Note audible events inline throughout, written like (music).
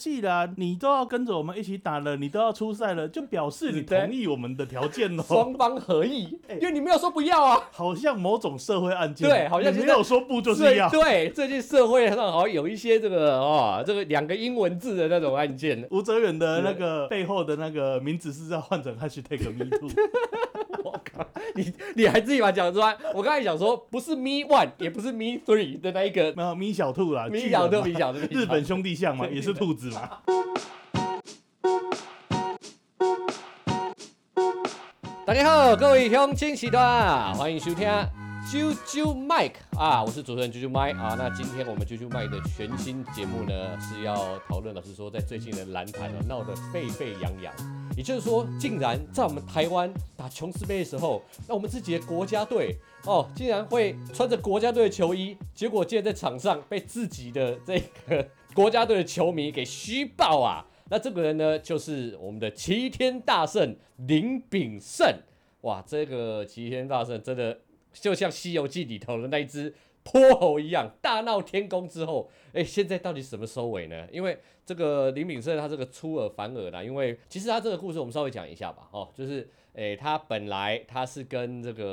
記得，既然你都要跟着我們一起打了，你都要出賽了，就表示你同意我們的條件哦。雙方合意，欸、因為你沒有說不要啊，好像某種社會案件。對，好像你沒有說不，就是一樣。對，最近社會上好像有一些這個哦、喔，這個兩個英文字的那種案件。吳哲源的那個對背後的那個名字是要換成 Hashtag Me Too (laughs) (laughs) 你你還自己把它講出來，我剛才講說，不是 Me One，也不是 Me Three 的那一個，沒有 Me 小兔啦，Me 小兔，Me 小兔， (laughs) 日本兄弟像嘛， (laughs) 也是兔子嘛。 (laughs) 大家好，各位鄉親序大，歡迎收聽。啾啾 Mike 啊，我是主持人啾啾 Mike 啊。那今天我們啾啾 Mike 的全新節目呢，是要討論，老實說，在最近的籃壇啊鬧得沸沸揚揚。也就是說，竟然在我們台灣打瓊斯杯的時候，那我們自己的國家隊哦，竟然會穿着國家隊的球衣，結果竟然在場上被自己的這個國家隊的球迷給噓爆啊！那這個人呢，就是我們的齊天大聖林秉聖哇！這個齊天大聖真的。就像《西遊記》裡頭的那一隻潑猴一樣，大鬧天宮之後，誒、欸，現在到底什麼收尾呢？因為這個林秉聖他這個出爾反爾的，因為其實他這個故事我們稍微講一下吧，哦，就是誒、欸，他本來他是跟這個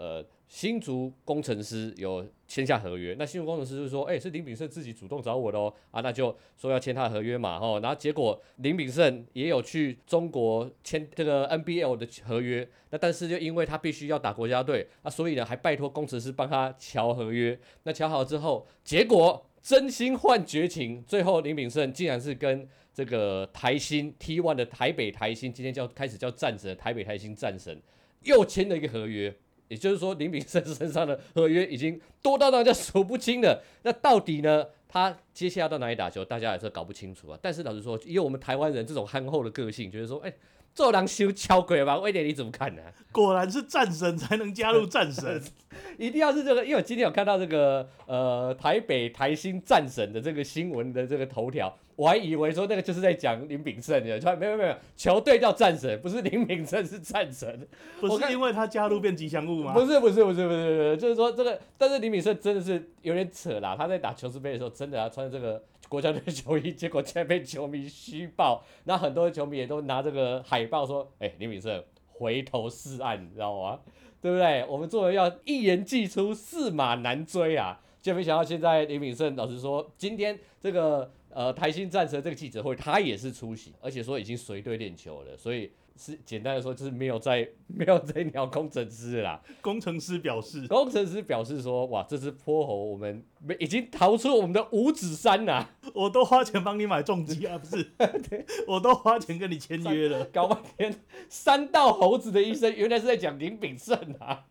呃。新竹工程師有簽下合約，那新竹工程師就說：“哎、欸，是林秉聖自己主動找我的哦，啊，那就說要簽他的合約嘛，吼。”然後結果林秉聖也有去中國簽這個 NBL 的合約，那但是就因為他必須要打國家隊，那所以呢還拜托工程師幫他喬合約。那喬好之後，結果真心換絕情，最後林秉聖竟然是跟這個台新 T1 的台北台新，今天叫開始叫戰神，台北台新戰神又簽了一個合約。也就是說，林秉聖身上的合約已經多到大家數不清了。那到底呢？他接下來要到哪裡打球，大家也是搞不清楚啊。但是老實說，以我們台灣人這種憨厚的個性，覺、就、得、是、說，哎、欸，做狼修敲鬼吧？威廉，你怎麼看呢、啊？果然是戰神才能加入戰神， (laughs) 一定要是這個。因為我今天有看到這個呃，台北台新戰神的這個新聞的這個頭條。我還以為說那個就是在講林秉聖的。沒有沒有沒有，球隊叫戰神，不是林秉聖是戰神，不是因為他加入變吉祥物嗎？不是不是不是不是不是，就是說這個，但是林秉聖真的是有點扯啦，他在打瓊斯盃的時候，真的要穿這個國家隊的球衣，結果竟然被球迷噓爆。那很多球迷也都拿這個海報說，哎、欸，林秉聖回頭是岸，你知道嗎？對不對？我們做人要一言既出，駟馬難追啊。就沒想到現在林秉聖老師說，今天這個呃台新戰神這個記者會，他也是出席，而且說已經隨隊練球了，所以是簡單的說就是沒有在沒有在鳥工程師啦。工程師表示，工程師表示說，哇，這只潑猴我們沒已經逃出我們的五指山啦，啊！我都花錢幫你買重機啊，不是？ (laughs) 對我都花錢跟你簽約了。搞半天山道猴子的一生，原來是在講林秉聖啊。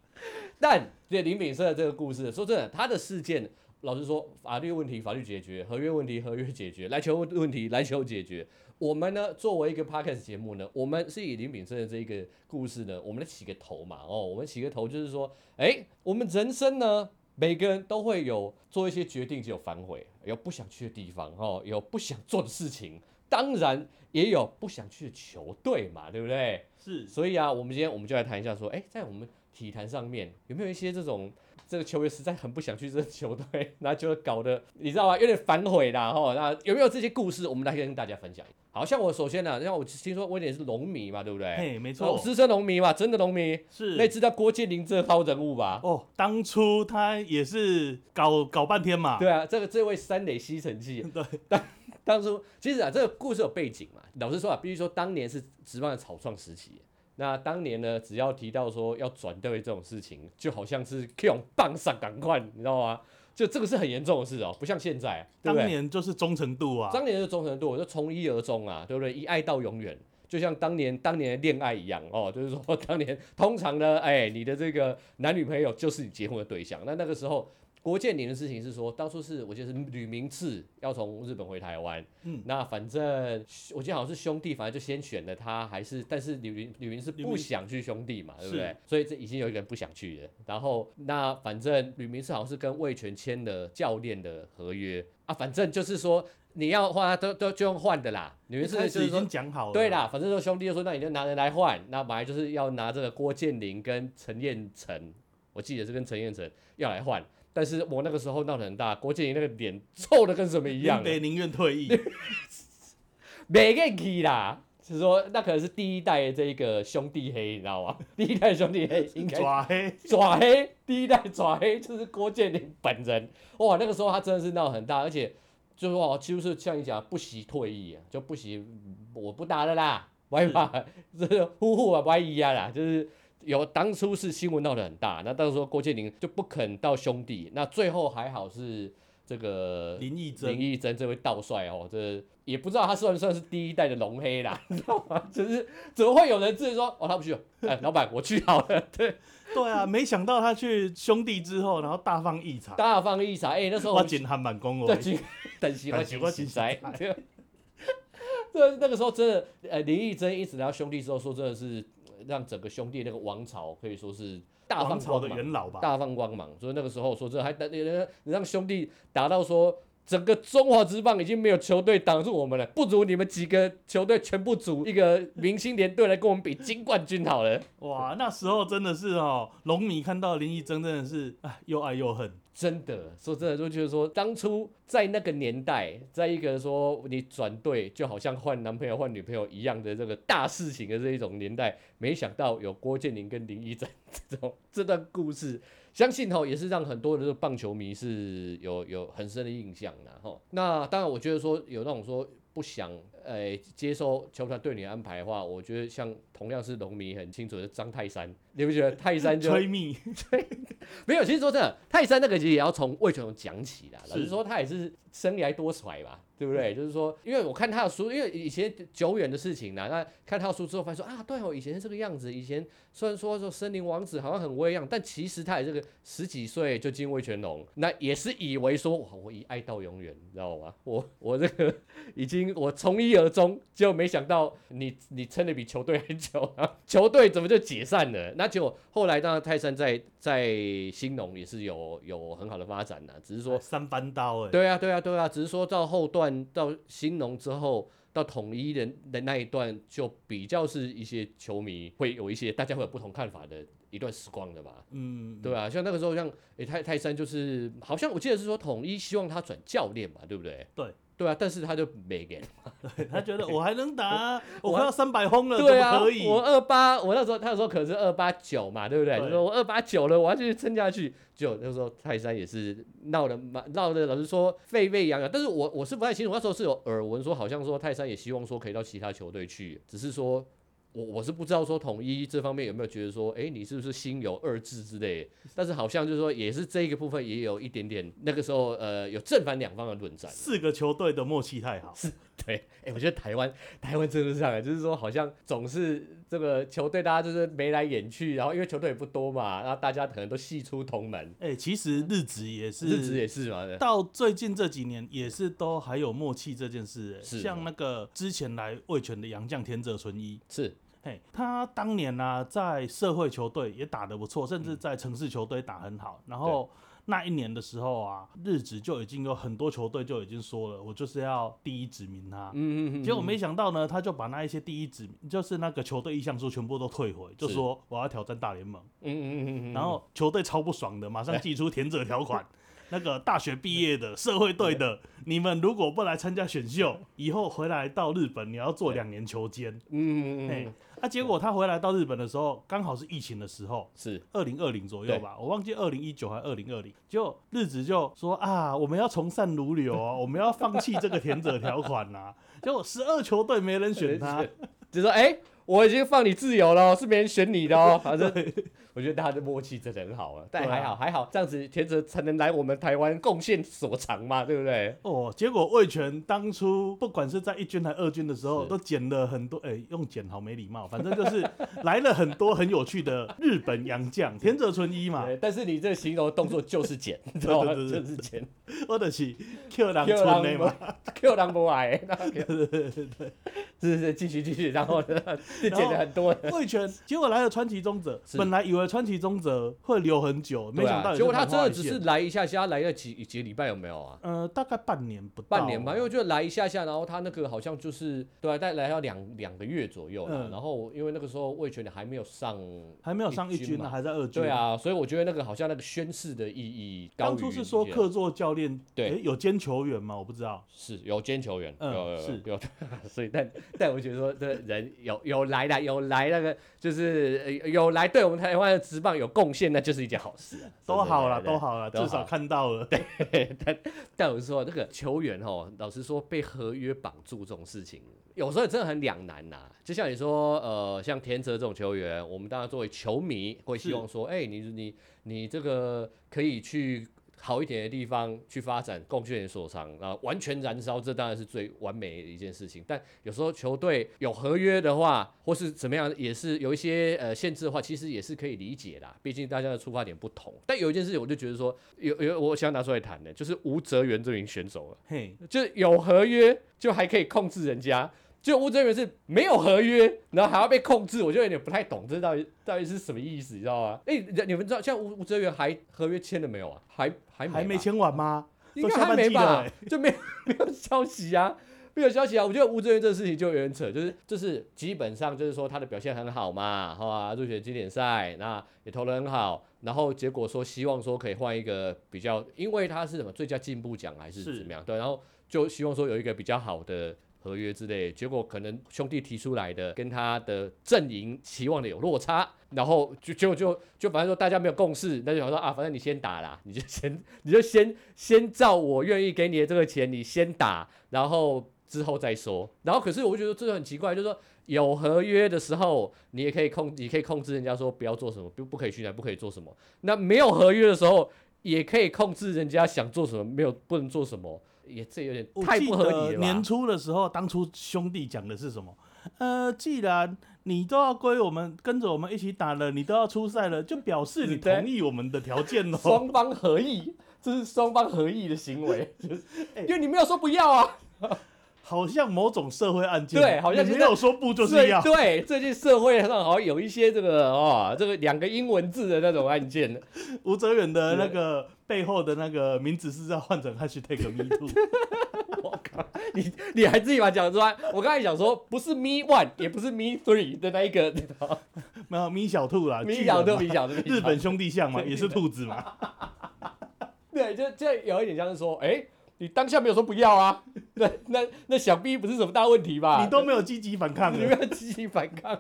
但對林秉聖的這個故事，說真的，他的事件，老實說，法律問題法律解決，合約問題合約解決，籃球問題籃球解決。我們呢，作為一個 Podcast 節目呢，我們是以林秉聖的這一個故事呢，我們來起個頭嘛。哦，我們起個頭就是說，哎、欸，我們人生呢，每個人都會有做一些決定就反悔，有不想去的地方，哦，有不想做的事情，當然也有不想去的球隊嘛，對不對？是。所以啊，我們今天我們就來談一下，說，哎、欸，在我們。體壇上面有沒有一些這種這個球員實在很不想去這個球隊，那 (laughs) 就搞得你知道嗎？有點反悔啦。吼，那有沒有這些故事？我們來跟大家分享一下。好像我首先呢、啊，因為我聽說威廉是龍迷嘛，對不對？沒錯，資、哦、深龍迷嘛，真的龍迷。是。那知道郭建霖這號人物吧？哦，當初他也是搞搞半天嘛。對啊，這個這位三壘吸塵器。對。當當初其實啊，這個故事有背景嘛。老實說啊，必須說當年是職棒的草創時期。那當年呢，只要提到說要轉隊這種事情，就好像是可用棒上趕快，你知道嗎？就這個是很嚴重的事哦、喔，不像現在，對對當年就是忠誠度啊，當年的忠誠度，我就從一而終啊，對不對？一愛到永遠，就像當年當年的戀愛一樣哦、喔，就是說，當年通常呢，哎、欸，你的這個男女朋友就是你結婚的對象，那那個時候。郭建霖的事情是說，當初是我記得是呂明賜要從日本回台灣，嗯，那反正我記得好像是兄弟，反正就先選了他，還是但是呂明呂明賜不想去兄弟嘛，名對不對？是所以這已經有一個人不想去的。然後，那反正呂明賜好像是跟味全簽的教練的合約啊，反正就是說你要換、他、都都就用換的啦，呂明賜已經講好了，對啦，反正說兄弟就說那你就拿人來換，那本來就是要拿這個郭建霖跟陳彥辰，我記得是跟陳彥辰要來換。但是我那個時候鬧得很大，郭建霖那個臉臭的跟什麼一樣，啊，得寧願退役，沒願意啦。就是說那可能是第一代的這一個兄弟黑，你知道嗎？第一代兄弟黑， (laughs) 應該爪黑爪黑，爪黑，第一代爪黑就是郭建霖本人。 (laughs) 哇，那個時候他真的是鬧很大，而且就說哦，幾乎是像你講不惜退役就不惜我不打了啦，Y 媽，這是，就是呼呼啊 Y 呀啦，就是。有當初是新聞鬧得很大，那當時說郭建霖就不肯到兄弟，那最後還好是這個林易增。林易增這位盜帥哦，這、就是、也不知道他算不算是第一代的龍黑啦，你 (laughs) 知道嗎？就是怎麼會有人自己說哦他不去，哎、欸、老闆我去好了，對對啊，沒想到他去兄弟之後，然後大放異彩， (laughs) 大放異彩，哎、欸、那時候我剪韓版工哦， (laughs) (laughs) 等喜歡洗髮洗洗， (laughs) 等 (laughs) 對， (laughs) 對，那個時候真的，呃林易增一直到兄弟之後，說真的是。讓整個兄弟那個王朝可以說是大放光芒，王朝的元老吧？大放光芒。所以那個時候說，這還讓兄弟打到說，整個中華職棒已經沒有球隊擋住我們了。不如你們幾個球隊全部組一個明星聯隊來跟我們比金冠軍好了。 (laughs) 哇，那時候真的是哦，龍迷看到林義真真的是啊，又愛又恨。真的說真的，真的就覺得說，當初在那個年代，在一個說你轉隊就好像換男朋友換女朋友一樣的這個大事情的這一種年代，沒想到有郭建霖跟林易增這種這段故事，相信吼也是讓很多的棒球迷是有有很深的印象的哈。那當然，我覺得說有那種說不想。呃、哎，接受球團對你的安排的話，我覺得像同樣是龍迷很清楚的張泰山，你不覺得泰山就催命？吹蜜 (laughs) 沒有，其實說真的，泰山那個其實也要從味全龍講起的。是老實說，他也是生來多舛吧，對不對？嗯、就是說，因為我看他的書，因為以前久遠的事情呢，那看他的書之後，發現說啊，對哦，以前是這個樣子。以前雖然說說森林王子好像很威樣，但其實他也是個十幾歲就進味全龍，那也是以為說我我以愛到永遠，你知道嗎？我我這個已經我從一。一而終，結果沒想到你你撐得比球隊還久，啊，球隊怎麼就解散了？那就後來當然泰山在在興農也是有有很好的發展呢，啊。只是說、哎、三班刀哎、欸啊，對啊對啊對啊，只是說到後段到興農之後，到統一的的那一段就比較是一些球迷會有一些大家會有不同看法的一段時光的吧，嗯，嗯，嗯，對啊，像那個時候像誒、欸、泰泰山就是好像我記得是說統一希望他轉教練嘛，對不對？對。對啊，但是他就沒給，他覺得我還能打， (laughs) 我快要三百轟了，對啊，可以，我二八，我那時候他說可能是二八九嘛，對不對？他說對 我二八九了，我要繼續撐下去，就那時候泰山也是鬧得嘛，鬧的，老實說沸沸揚揚，但是我我是不太清楚，那時候是有耳聞說好像說泰山也希望說可以到其他球隊去，只是說。我我是不知道說統一這方面有沒有覺得說，哎、欸，你是不是心有二志之類的？但是好像就是說，也是這一個部分也有一點點，那個時候呃，有正反兩方的論戰。四個球隊的默契太好。是。對、欸，我覺得台灣，台灣真的是這樣，就是說好像總是這個球隊，大家就是眉來眼去，然後因為球隊也不多嘛，然後大家可能都系出同門、欸。其實日職也是，日職也是嘛，到最近這幾年也是都還有默契這件事、欸。是的。像那個之前來味全的洋將田澤純一，是，嘿，他當年呢、啊、在社會球隊也打得不錯，甚至在城市球隊打很好，嗯、然後。那一年的時候啊，日職就已經有很多球隊就已經說了，我就是要第一指名他。嗯哼哼哼，結果沒想到呢，他就把那一些第一指名，就是那個球隊意向書全部都退回，就說我要挑戰大聯盟。嗯嗯嗯，然後球隊超不爽的，馬上祭出田澤條款。來 (laughs) 那個大學畢業的社會隊的，你們如果不來參加選秀，以後回來到日本你要做兩年球監。嗯嗯嗯。啊，結果他回來到日本的時候，剛好是疫情的時候，是二零二零左右吧，我忘記二零一九還二零二零，就日子就說啊，我們要從善如流啊，我們要放棄這個田澤條款吶，結果十二球隊沒人選他，就說哎，我已經放你自由了，是沒人選你的哦，反正。我覺得他的默契真的很好了，但還好、啊、還好，這樣子田澤才能來我們台灣貢獻所長嘛，對不對？哦，結果味全當初不管是在一軍還二軍的時候，是都撿了很多，哎、欸，用撿好沒禮貌，反正就是來了很多很有趣的日本洋將， (laughs) 是田澤淳一嘛。對，但是你這形容動，動作就是撿，知道嗎？就是撿，我得起 Q 朗春內嘛，Q 朗博愛，對對對對，是是繼續繼續，然後撿 (laughs) 了很多。味全結果來了川崎宗則，是本來以為。川崎宗則會留很久，啊、沒想到結果他真的只是來一下下，來了幾幾禮拜有沒有啊？呃，大概半年不到、啊、半年吧，因為就來一下下，然後他那個好像就是對、啊，但來要兩兩個月左右了，嗯、然後因為那個時候味全龍還沒有上，還沒有上一軍呢，還，軍還在二軍。對啊，所以我覺得那個好像那個宣示的意義，當初是說客座教練對、欸、有兼球員嗎？我不知道，是有兼球員，嗯，有是有，所以但但我覺得說這人有有來的，有來那個就是有來對我們台灣。職棒有貢獻，那就是一件好事啊！都好了，對對對都好了，至少看到了。對，但但我是說這個球員哦、喔，老實說，被合約綁住這種事情，有時候真的很兩難吶。就像你說，呃，像田澤這種球員，我們大家作為球迷會希望說，哎是、欸，你你你這個可以去。好一點的地方去發展，各取人所長完全燃燒，這當然是最完美的一件事情。但有時候球隊有合約的話，或是怎麼樣，也是有一些呃限制的話，其實也是可以理解的。畢竟大家的出發點不同。但有一件事情，我就覺得說，有有我想要拿出來談的，就是吳哲源這名選手了。嘿，Hey. 就是有合約，就還可以控制人家。就吳哲源是沒有合約，然後還要被控制，我就有點不太懂這到底到底是什麼意思，你知道嗎？哎、欸，你們知道像吳吳哲源還合約簽了沒有啊？還還沒還沒簽完嗎？應該還沒吧，就沒沒有消息啊，沒有消息啊。我覺得吳哲源這個事情就有點扯，就是就是基本上就是說他的表現很好嘛，好、哦、吧、啊？入選經典賽，那也投的很好，然後結果說希望說可以換一個比較，因為他是什麼最佳進步獎還是怎麼樣？是對，然後就希望說有一個比較好的。合約之類，結果可能兄弟提出來的跟他的陣營期望的有落差，然後就就就就反正說大家沒有共識，那就想說啊，反正你先打啦，你就先你就先先照我願意給你的這個錢，你先打，然後之後再說。然後可是我覺得這就很奇怪，就是說有合約的時候，你也可以控，你可以控制人家說不要做什麼，不不可以去哪，不可以做什麼。那沒有合約的時候，也可以控制人家想做什麼，沒有不能做什麼。也是有點太不合理了。年初的時候，當初兄弟講的是什麼？呃，既然你都要歸我們跟着我們一起打了，你都要出賽了，就表示你同意我們的條件嘍。雙方合意，這是雙方合意的行為，就是欸、因為你沒有說不要啊，好像某種社會案件。對，好像你沒有說不就是要對，對，最近社會上好像有一些這個啊、哦，這個兩個英文字的那種案件，吳哲源的那個。背後的那個名字是要換成 “Hashtag Me Too”。 (laughs) 我靠，你你還自己把講出來。我剛才講說，不是 Me One，也不是 Me Three 的那一個，沒有 Me 小兔啦，Me 小兔，Me 小兔，日本兄弟像嘛，對也是兔子嘛。對，就就有一點像是說，哎、欸，你當下沒有說不要啊？那那想必不是什麼大問題吧？你都沒有積極反抗，沒有積極反抗？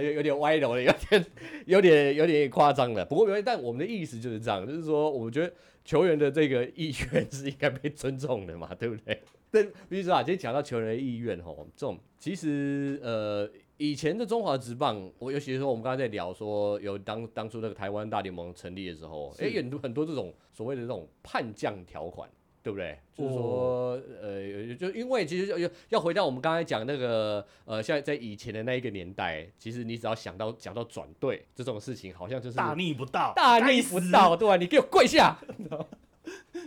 對，有點歪樓了，有點有點有點誇張了。不過沒關係，但我們的意思就是這樣，就是說，我們覺得球員的這個意願是應該被尊重的嘛，對不對？對，比如說啊，今天講到球員的意願齁，這種其實呃，以前的中華職棒，我尤其是說我們剛才在聊說，有當當初那個台灣大聯盟成立的時候，哎是，很、欸、很多這種所謂的這種叛將條款。對不對？Oh. 就是說，呃，就因為其實要回到我們剛才講那個，呃，像在以前的那一個年代，其實你只要想到講到轉隊，這種事情，好像就是大逆不道，大逆不道，對吧？你給我跪下。 (laughs)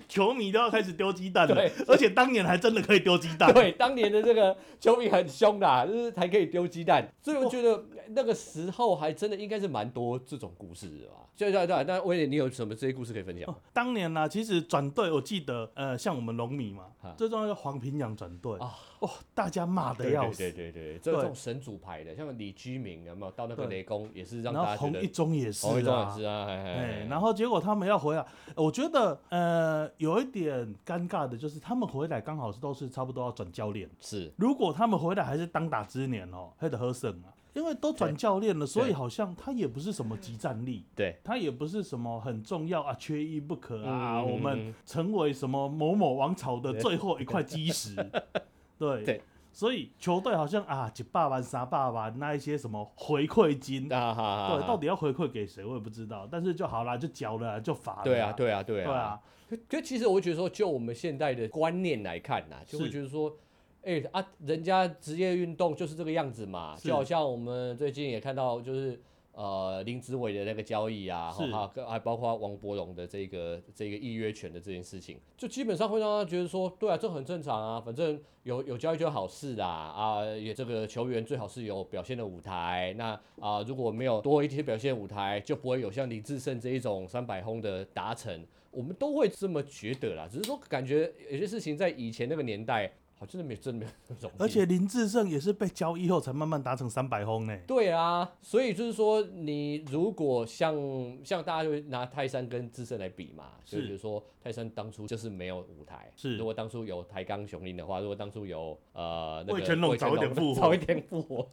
球迷都要開始丟雞蛋了，而且當年還真的可以丟雞蛋。對，當年的這個球迷很兇的，就是還可以丟雞蛋，所以我覺得那個時候還真的應該是蠻多這種故事的吧。對對對，那威廉，你有什麼這些故事可以分享？當年呢，其實轉隊，我記得，呃，像我們龍迷嘛，最重要是黃平洋轉隊啊，哇，大家罵的要死。對對對對，這種神主牌的，像李居明，有沒有到那個雷公，也是讓。然後洪一中也是啊，對，然後結果他們要回來，我覺得，呃。呃，有一點尷尬的就是，他們回來剛好是都是差不多要轉教練。是，如果他們回來還是當打之年哦，喔，還得喝剩啊。 (music) 因為都轉教練了，欸、所以好像他也不是什麼即戰力，對，他也不是什麼很重要啊，缺一不可啊。啊我們成為什麼某某王朝的最後一塊基石，對。對對對所以球隊好像啊，一百萬、三百萬那一些什麼回饋金，啊、對，到底要回饋給誰，我也不知道。啊、但是就好啦，就繳了就罰了。對啊，對啊，對啊。對啊，其實我會覺得說，就我們現在的觀念來看吶，就會覺得說，哎是、欸、啊，人家職業運動就是這個樣子嘛，是就好像我們最近也看到就是。呃，林志偉的那個交易啊，哈是、哦，還包括王柏融的這個這個預約權的這件事情，就基本上會讓他覺得說，對啊，這很正常啊，反正有有交易就好事啦。啊、呃，也這個球員最好是有表現的舞台，那啊、呃，如果沒有多一些表現的舞台，就不會有像林智勝這一種三百轟的達成，我們都會這麼覺得啦，只是說感覺有些事情在以前那個年代。好像、oh, 沒有真的沒那種，而且林智勝也是被交易後才慢慢達成三百轟呢。對啊，所以就是說，你如果像像大家就拿泰山跟智勝來比嘛，是所以就是說泰山當初就是沒有舞台，是如果當初有台鋼雄鷹的話，如果當初有呃那個、味全龍早一點復活，早一點復活，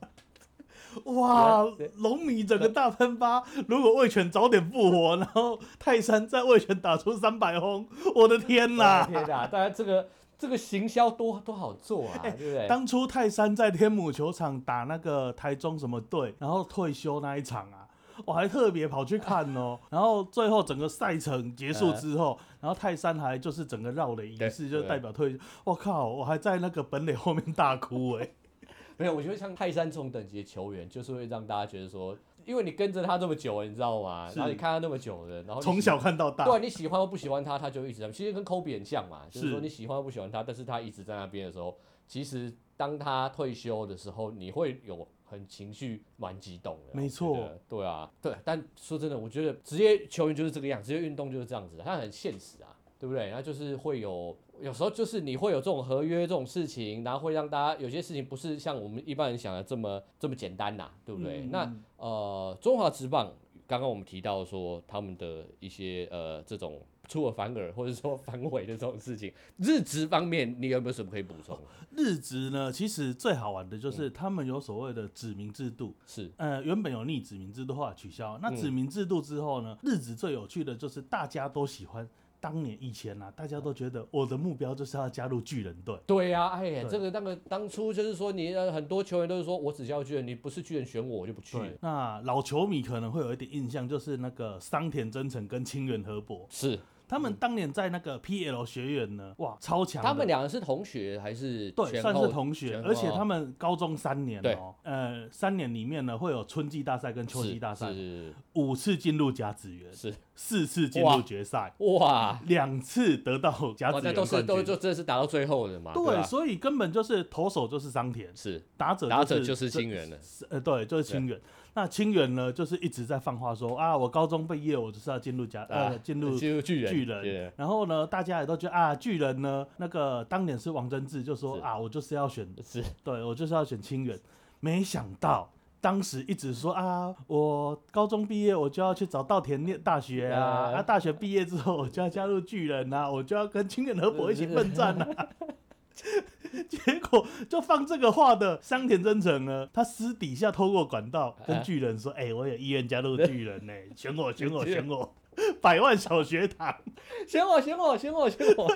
哇龍 What? 迷整個大噴發， (laughs) 如果味全早點復活，然後泰山在味全打出三百轟。 (laughs) 我的天吶、啊，天吶，大家這個。這個行銷多多好做啊，欸、對不對？當初泰山在天母球場打那個台中什麼隊，然後退休那一場啊，我還特別跑去看哦。 (laughs) 然後最後整個賽程結束之後， (laughs) 然後泰山還就是整個繞壘儀式，對就代表退休。我對靠，我還在那個本壘後面大哭哎、欸。 (laughs) 沒有，我覺得像泰山這種等級的球員，就是會讓大家覺得說。因為你跟着他這麼久，你知道嗎？是然後你看他那麼久了，然後從小看到大，對、啊，你喜歡或不喜歡他，他就一直在。其實跟科比很像嘛，是就是說你喜歡或不喜歡他，但是他一直在那邊的時候，其實當他退休的時候，你會有很情緒蠻激動的。沒錯，對，對啊，對。但說真的，我覺得職業球員就是這個樣，職業運動就是這樣子，他很現實啊，對不對？他就是會有。有時候就是你會有這種合約這種事情，然後會讓大家有些事情不是像我們一般人想的這麼這麼簡單吶、啊，對不對？嗯、那呃，中華職棒剛剛我們提到說他們的一些呃這種出爾反爾或者說反悔的這種事情，日職方面你有沒有什麼可以補充？哦、日職呢，其實最好玩的就是他們有所謂的指名制度，嗯、是呃原本有逆指名制度後來取消，那指名制度之後呢，嗯、日職最有趣的就是大家都喜歡。當年以前吶、啊，大家都覺得我的目標就是要加入巨人隊。對、啊、哎、呀，哎對，這個那個當初就是說，你很多球員都是說，我只教巨人，你不是巨人選我，我就不去。那老球迷可能會有一點印象，就是那個桑田真誠跟清原和博，是他們當年在那個 PL 學院呢，哇，超強。他們兩個是同學還是？對，算是同學，後而且他們高中三年哦、喔，對呃，三年裡面呢，會有春季大賽跟秋季大賽，是五次進入甲子園是。四次進入決賽，哇！兩次得到甲子園冠軍，都是都就真的是打到最後的嘛？對，所以根本就是投手就是桑田，是打者打者就是清原了，呃，對，就是清原。那清原呢，就是一直在放話說啊，我高中畢業，我就是要進入甲，呃，進入巨人，巨人。然後呢，大家也都覺得啊，巨人呢，那個當年是王貞治就說啊，我就是要選，是對我就是要選清原，沒想到。當時一直說啊，我高中畢業，我就要去早稻田念大學啊，Yeah. 啊，大學畢業之後我就要加入巨人啊，我就要跟清原和博一起奮戰啊。是是是 (laughs) 結果就放這個話的桑田真澄呢，他私底下透過管道跟巨人說，哎、欸，我有意願加入巨人呢、欸， (laughs) 選我，選我，選我。百萬小學堂，選我，選我，選我，選我。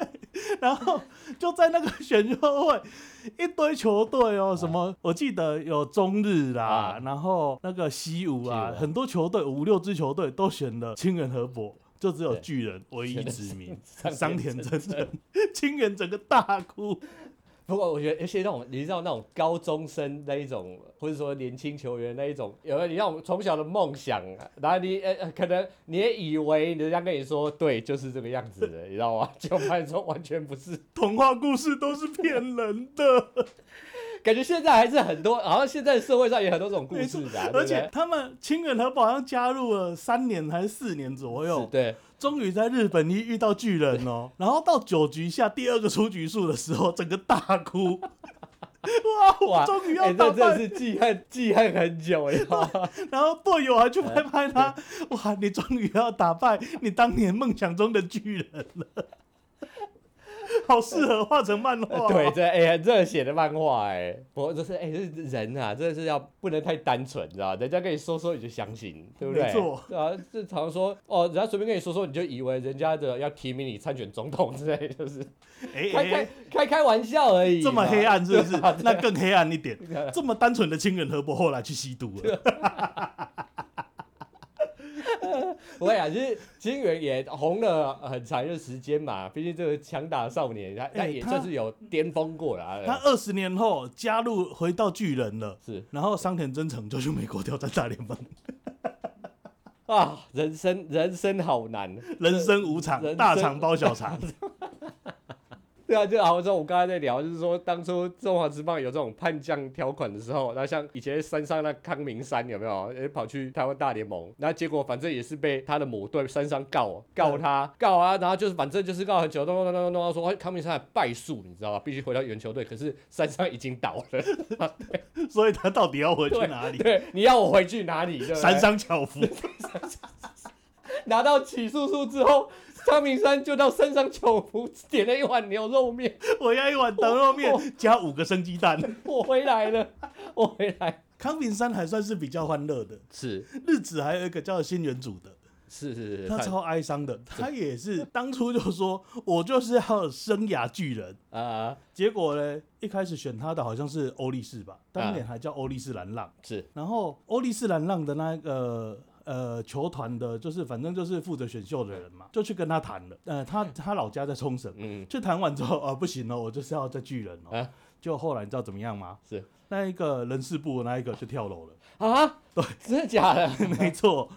然後就在那個選秀會，一堆球隊哦，什麼，我記得有中日啦，然後那個西武啊，很多球隊五六支球隊都選了清原和博，就只有巨人唯一指名桑田真澄，清原整個大哭。不過我覺得一些那種，你知道那種高中生那一種，或者說年輕球員那一種，有你那種從小的夢想，然後你呃可能你也以為人家跟你說對，就是這個樣子的， (laughs) 你知道嗎？結果發現說完全不是，童話故事都是騙人的。 (laughs) 感覺現在還是很多，好像現在社會上也很多這種故事的。而且對對他們清原和博好像加入了三年還是四年左右。對。終於在日本一遇到巨人哦，對然後到九局下第二個出局數的時候，整個大哭， (laughs) 哇，哇終於要打敗，欸、這真是記恨記恨很久哎，然後隊 (laughs) 友還去拍拍他，呃、哇，你終於要打敗你當年夢想中的巨人了。好適合畫成漫畫，啊， (laughs) 對，這哎呀熱血的漫畫哎、欸，不過就是哎、欸、這是人啊，真的是要不能太單純，知道人家跟你說說你就相信，對不對？沒錯錯，啊，這常說哦，人家隨便跟你說說你就以為人家的要提名你參選總統之類，就是欸欸欸開開開開玩笑而已。這麼黑暗是不是？啊啊啊、那更黑暗一點。啊啊、這麼單純的親人何伯後來去吸毒了。 (laughs) (laughs) (laughs) 我跟你講，其實金元也紅了很長一段時間嘛，畢竟這個強打的少年，他,、欸、他但也算是有巔峰過了。他二十年後加入回到巨人了，是，然後桑田真澄就去美國挑戰大聯盟。啊，人生人生好難，人生無常，呃、大腸包小腸。 (laughs) 對啊，就好像說，我剛才在聊，就是說，當初中華職棒有這種叛將條款的時候，然後像以前山上那康明山有沒有？也跑去台灣大聯盟。那結果反正也是被他的母隊山上告，告他告啊，然後就是反正就是告很久，弄弄弄弄弄、弄、弄、弄、弄、弄，說康明山還敗訴，你知道吧？必須回到原球隊，可是山上已經倒了， (laughs) 所以他到底要回去哪裡？對，對，你要我回去哪裡？對、對，山上巧福 (laughs) 拿到起訴書之後。康明山就到山上求福，點了一碗牛肉麵， (laughs) 我要一碗牛肉麵加五個生雞蛋。 (laughs) 我回來了，我回來。康明山還算是比較歡樂的，是日子還有一個叫新垣渚的，是，是是是，他超哀傷的，他，他也是當初就說我就是要生涯巨人啊， (laughs) 結果呢一開始選他的好像是歐力士吧，當年還叫歐力士藍浪，是、啊，然後歐力士藍浪的那個。呃呃，球團的就是，反正就是負責選秀的人嘛，嗯、就去跟他談了。呃，他他老家在沖繩、啊，就談、嗯、完之後啊、呃，不行了、哦，我就是要再聚人了、哦。啊、就後來你知道怎麼樣嗎？是那一個人事部那一個就跳樓了啊？對，真的假的？沒錯。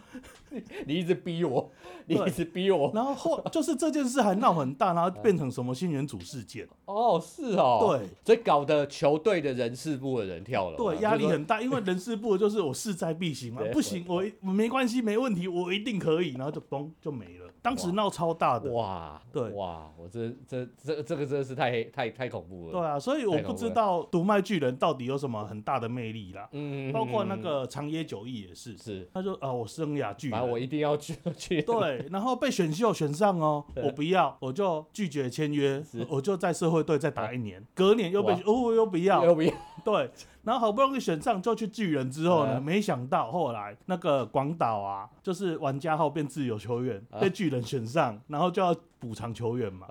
你一直逼我，你一直逼我，然後後就是這件事還鬧很大，然後變成什麼新垣渚事件哦，是哦，對，所以搞得球隊的人事部的人跳了。對，壓力很大，因為人事部就是我勢在必行嘛，不行我沒關係沒問題，我一定可以，然後就咚就沒了，當時鬧超大的哇，對哇，我這這這這個真的是太太太恐怖了，對啊，所以我不知道讀賣巨人到底有什麼很大的魅力啦，嗯，包括那個長野久義也是，是他說啊我生涯巨。我一定要去。對，然後被選秀選上哦，對我不要，我就拒絕簽約，是我就在社會隊再打一年，隔年又被哇哦，又不要，不要對，然後好不容易選上，就去巨人之後呢，啊、沒想到後來那個廣島啊，就是丸佳浩變自由球員，啊、被巨人選上，然後就要。補償球員嘛，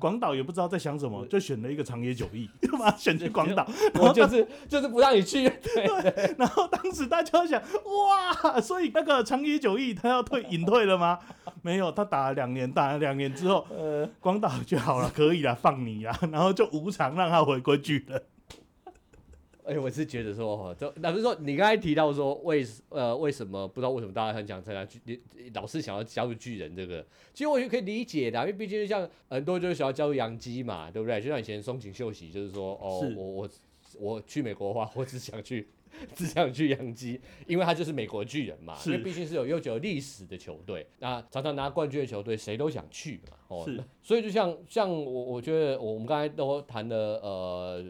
廣島、uh huh. 也不知道在想什麼，就選了一個長野久義，幹嘛 (laughs) 選去廣島？ (laughs) 就然後就是就是不讓你去。對對對對，然後當時大家就想，哇，所以那個長野久義他要退隱 (laughs) 退了嗎？沒有，他打了兩年，打了兩年之後， (laughs) 呃，廣島就好了，可以了，放你了。然後就無償讓他回歸巨人。哎、欸，我是覺得說，就老實說你剛才提到說為呃為什麼不知道為什麼大家很想參加巨，老是想要加入巨人這個，其實我也可以理解的、啊，因為畢竟像很多人就是想要加入洋基嘛，對不對？就像以前松井秀喜就是說，哦，是我我我去美國的話，我只想去只想去洋基，因為他就是美國的巨人嘛，是因為畢竟是有悠久歷史的球隊，那常常拿冠軍的球隊誰都想去嘛，哦，是所以就像像我我覺得我們剛才都談的呃。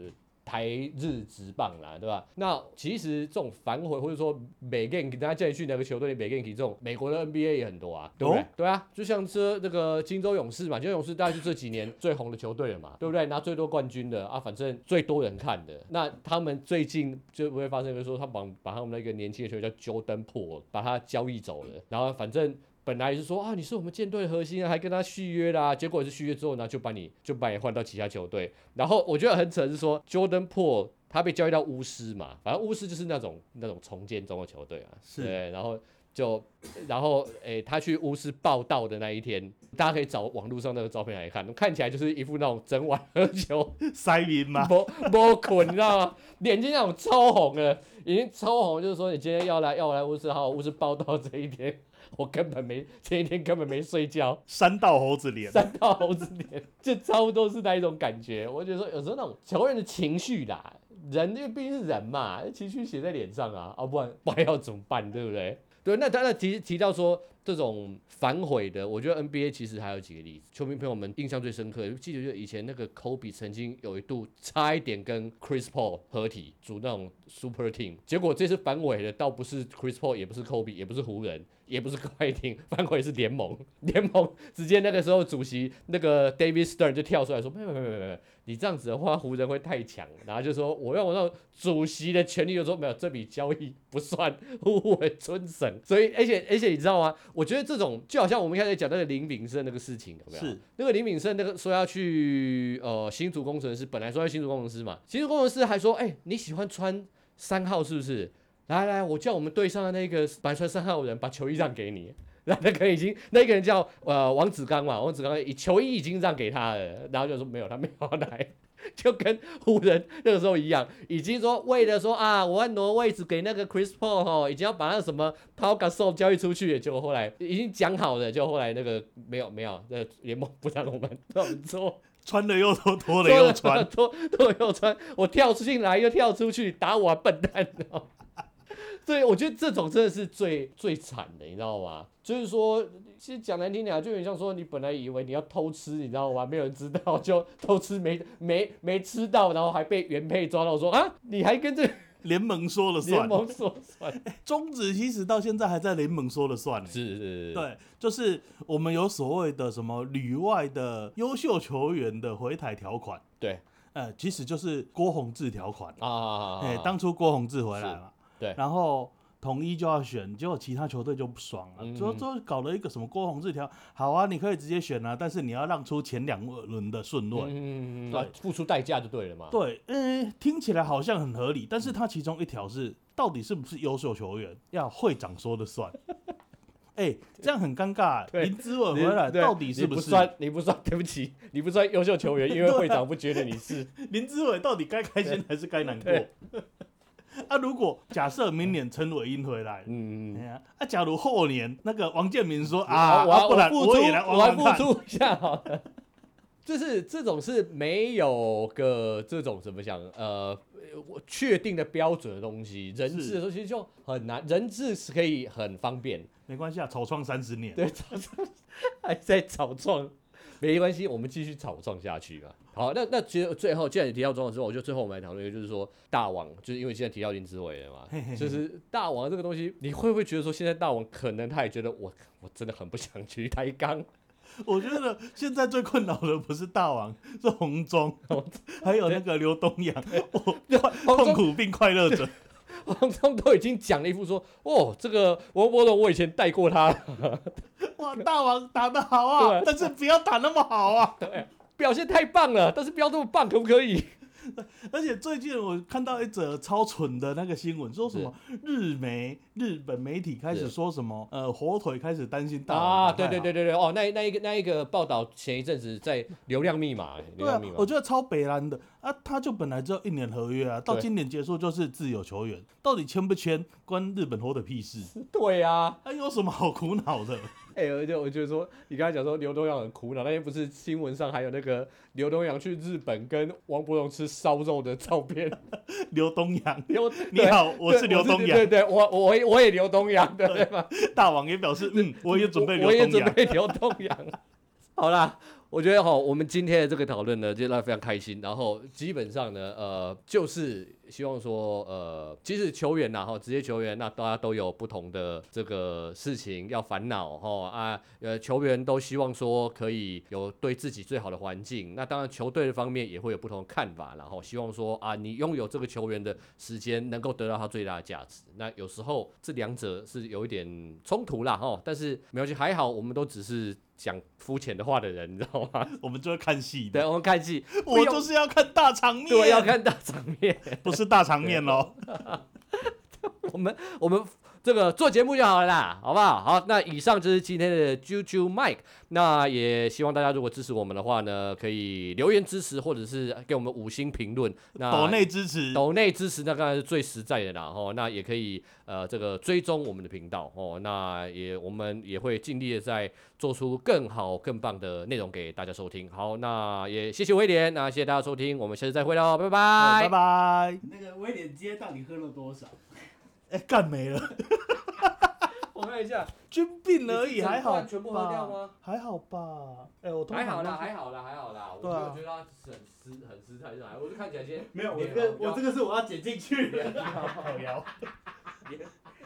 台日職棒啦，對吧？那其實這種反悔或者說，每個人給大家建議去哪個球隊，每個人給，這種美國的 NBA 也很多啊，對不對？哦、對啊，就像這那個金州勇士嘛，金州勇士大概就這幾年最紅的球隊了嘛，對不對？拿最多冠軍的啊，反正最多人看的。那他們最近就不會發生，就說他把把他們那個年輕的球員叫 Jordan Poole，把他交易走了，然後反正，本來是說啊，你是我們建隊的核心啊，還跟他續約啦。結果也是續約之後呢，後就把你就把你換到其他球隊。然後我覺得很扯，是說 Jordan Poole 他被交易到巫師嘛，反正巫師就是那種那種重建中的球隊啊。是對。然後就然後誒、哎，他去巫師報到的那一天，大家可以找網路上那個照片來看，看起來就是一副那種整晚喝酒，塞暈嘛，不無困，你知道嗎？眼睛 (laughs) 那種超紅的，已經超紅，就是說你今天要來要我來巫師，好，巫師報到這一天。我根本沒前一天根本沒睡覺，山 (laughs) 道猴子臉，山道猴子臉，就差不多是那一種感覺。我就覺得說有時候那種球員的情緒啦，人因為畢竟是人嘛，情緒寫在臉上啊，啊，不然不然要怎麼辦，對不對？對，那他那提提到說。這種反悔的，我覺得 NBA 其實還有幾個例子，球迷朋友們印象最深刻的，記得就以前那個科比曾經有一度差一點跟 Chris Paul 合體組那種 Super Team，結果這次反悔的倒不是 Chris Paul，也不是科比，也不是湖人，也不是快艇，反悔是聯盟，聯盟直接那個時候主席那個 David Stern 就跳出來說，沒有沒有沒有，你這樣子的話湖人會太強，然後就說，我用我那種主席的權力，就說沒有這筆交易不算，互為尊神，所以而且而且你知道嗎？我覺得這種就好像我們剛才講那個林秉聖那個事情有沒有？是那個林秉聖那個說要去呃新竹工程師，本來說要新竹工程師嘛，新竹工程師還說，哎、欸，你喜歡穿三號是不是？來來，我叫我們隊上的那個本來穿三號的人把球衣讓給你。那 (laughs) 那個已經那個人叫呃王子剛嘛，王子剛球衣已經讓給他了，然後就說沒有，他沒有來。 (laughs) 就跟湖人那個時候一樣，已經說為了說啊，我要挪位置給那個 Chris Paul 吼，已經要把那個什麼 Paul Gasol 交易出去，就後來已經講好了，就後來那個沒有沒有，那聯盟不讓我們這麼做，穿了又脫，脫了又穿，脫脫了又穿，我跳出進來又跳出去，打我笨蛋哦。對，我覺得這種真的是最最慘的，你知道嗎？就是說，其實講難聽點啊，就有點像說你本來以為你要偷吃，你知道嗎？沒有人知道就偷吃沒沒沒吃到，然後還被原配抓到，說啊，你還跟這聯盟說了算？聯盟說了算？總之 (laughs) 其實到現在還在聯盟說了算。是是是，是。對，就是我們有所謂的什麼旅外的優秀球員的回台條款。對，呃，其實就是郭泓志條款啊，啊，啊，啊，啊。哎、欸，當初郭泓志回來了。對，然後統一就要選，結果其他球隊就不爽了，啊，就就，嗯、搞了一個什麼“郭泓志條”，好啊，你可以直接選啊，但是你要讓出前兩輪的順位，嗯嗯對付出代價就對了嘛。對，嗯，聽起來好像很合理，但是他其中一條是，到底是不是優秀球員，要會長說了算。哎、嗯，這樣很尷尬，對林子偉回來到底是不是？你不算，你不算，對不起，你不算優秀球員，對因為會長不覺得你是林子偉，到底該開心還是該難過？啊，如果假設明年陳偉殷回來，嗯啊、嗯嗯，嗯、假如後年那個王建民說啊，我不來，我也來，我來不出，嚇，就是這種是沒有個這種怎麼講，呃，我確定的標準的東西，人質的東西就很難，人質是可以很方便，沒關係啊，草創三十年，對，草創，還在草創，沒關係，我們繼續草創下去吧。好，那那其實最後，既然你提到莊了之後，我就最後我們來討論一個，就是說大王，就是因為現在提到林志偉了嘛，嘿嘿嘿，就是大王這個東西，你會不會覺得說現在大王可能他也覺得我我真的很不想去台鋼？我覺得現在最困擾的不是大王，是洪總， (laughs) 還有那個劉東洋，我痛苦並快樂着，洪總都已經講了一副說，哦，這個王柏融我以前帶過他了， (laughs) 哇，大王打得好啊，啊但是不要打那麼好啊。對啊對啊。表現太棒了，但是不要這麼棒，可不可以？而且最近我看到一則超蠢的那個新聞，說什麼日媒日本媒體開始說什麼是呃，火腿開始擔心大。啊，對對對對對哦，那那一個那一個報道前一陣子在流量密碼，流量密碼，啊、我覺得超北爛的啊，他就本來只有一年合約啊，到今年結束就是自由球員，到底簽不簽關日本火腿屁事？對啊，他、啊、有什麼好苦惱的？哎，而且、欸，我就覺得說，你剛才講說劉東洋很苦惱，那天不是新聞上還有那個劉東洋去日本跟王柏融吃燒肉的照片。劉東洋，劉，你好，我是劉東洋，對對，對對，我我我也劉東洋，對對嘛。大王也表示，就是、嗯，我也準備劉東洋。我也準備劉東洋。 (laughs) 好啦，我覺得哈，我們今天的這個討論呢，就讓大家非常開心。然後基本上呢，呃，就是。希望說，呃，其實球員啦，哈，職業球員，那大家都有不同的這個事情要煩惱，哈啊，呃，球員都希望說可以有對自己最好的環境。那當然，球隊的方面也會有不同的看法，然後希望說啊，你擁有這個球員的時間，能夠得到他最大的價值。那有時候這兩者是有一點衝突啦，哈，但是沒關係，還好，我們都只是講膚淺的話的人，你知道嗎？我們就會看戲的，對，我們看戲，我就是要看大場面，對，要看大場面。不是是大場面嘍，我們我們。這個做節目就好了啦，好不好？好，那以上就是今天的啾啾 MIC，那也希望大家如果支持我們的話呢，可以留言支持或者是給我們五星評論。那斗內支持，斗內支持，那當然是最實在的啦。哦，那也可以呃這個追蹤我們的頻道哦，那也我們也會盡力的在做出更好更棒的內容給大家收聽。好，那也謝謝威廉，那、啊、謝謝大家收聽，我們下次再會嘍，拜拜拜拜。那個威廉今天到底喝了多少？哎，幹、欸、沒了！ (laughs) 我看一下，菌病而已，還好吧？還好吧？哎，我還好啦，還好啦，還好啦！啊、我就覺得他很失，很失態，是吧？我就看起來今天沒有，我,我,要我這個是我要剪進去要， (laughs) 好,好聊。 (laughs)